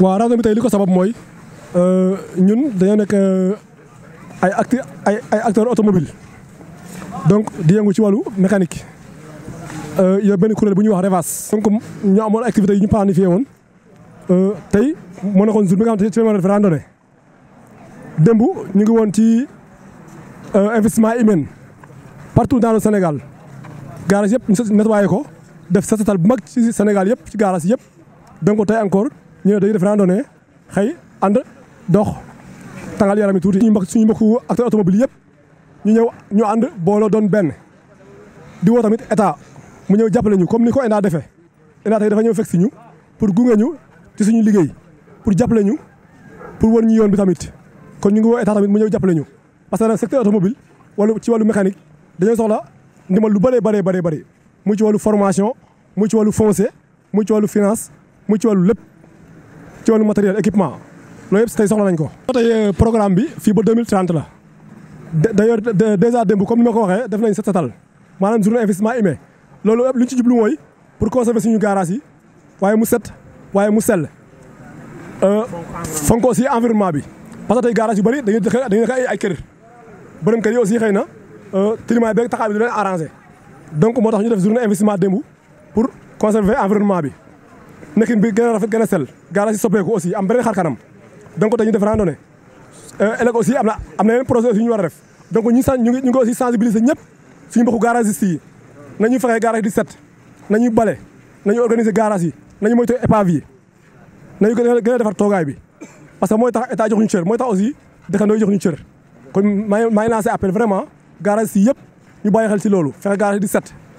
waaw raw bi tey li ko sabab mooy euh, ñun dañoo nekk euh, ay acti ay ay automobile donc di yëngu ci wàllu mécanique euh, yow benn kuréel bu ñuy wax Revas. donc ñoo amoon activités yi ñu planifié woon tey moo nekkoon jour bi nga xam ne ci même randonnée démb ñu ngi woon ci investissement humain partout dans le Sénégal garage yëpp ñu nettoyé ko def sa bu mag ci senegal yëpp ci garage yëpp donc tey encore. ñu ne dañuy def randonnée xëy ànd dox tangal yaram yi tuuti ñu mbokk suñu mbokku acteur automobile yëpp ñu ñëw ñu ànd booloo doon benn di woo tamit état mu ñëw jàppale ñu comme ni ko ENDA defee ENDA tey dafa ñëw fekk si ñu pour gunge ñu ci suñu liggéey pour jàppale ñu pour won ñu yoon bi tamit kon ñu ngi woo état tamit mu ñëw jàppale ñu parce que nag secteur automobile wala ci wàllu mécanique dañoo soxla ndimbal lu bëree bëree bëree bëri mu ci wàllu formation mu ci wàllu foncier mu ci wàllu finance mu ci lépp ci wàllu matériel équipement loolu yëpp si tey soxla nañ ko. tey euh, programme bi fii ba 2030 la d'ailleurs déjà démb comme ni ko waxee def nañ set setal maanaam journée investissement humain loolu yëpp lu ñu ci jublu mooy pour conserver suñu garage yi waaye mu set waaye mu sell euh, fonk aussi environnement bi parce que tey garage yu bëri dañuy dañuy def ay kër borom kër yi aussi xëy na euh, climat beeg taxaw bi du leen arrangé donc moo tax ñu def journée investissement démb pour conserver environnement bi. nekkin bi gën a rafet gën a sell gaara si soppeeku aussi am beneen xar kanam donc dañuy def euh, aussi am na am na yeneen projet aussi ñu war a def donc ñu ñu ngi aussi sensibiliser ñëpp suñu mbokku garagiste yi nañuy fexee garage di set nañuy bale nañuy organiser garage yi nañu moytu épave yi nañu gën a defar toogaay bi parce que mooy tax état jox ñu cër mooy tax aussi dëkkandoo jox ñu cër kon maa lancé appel vraiment garage si yëpp ñu bàyyi xel si loolu fexe garage di set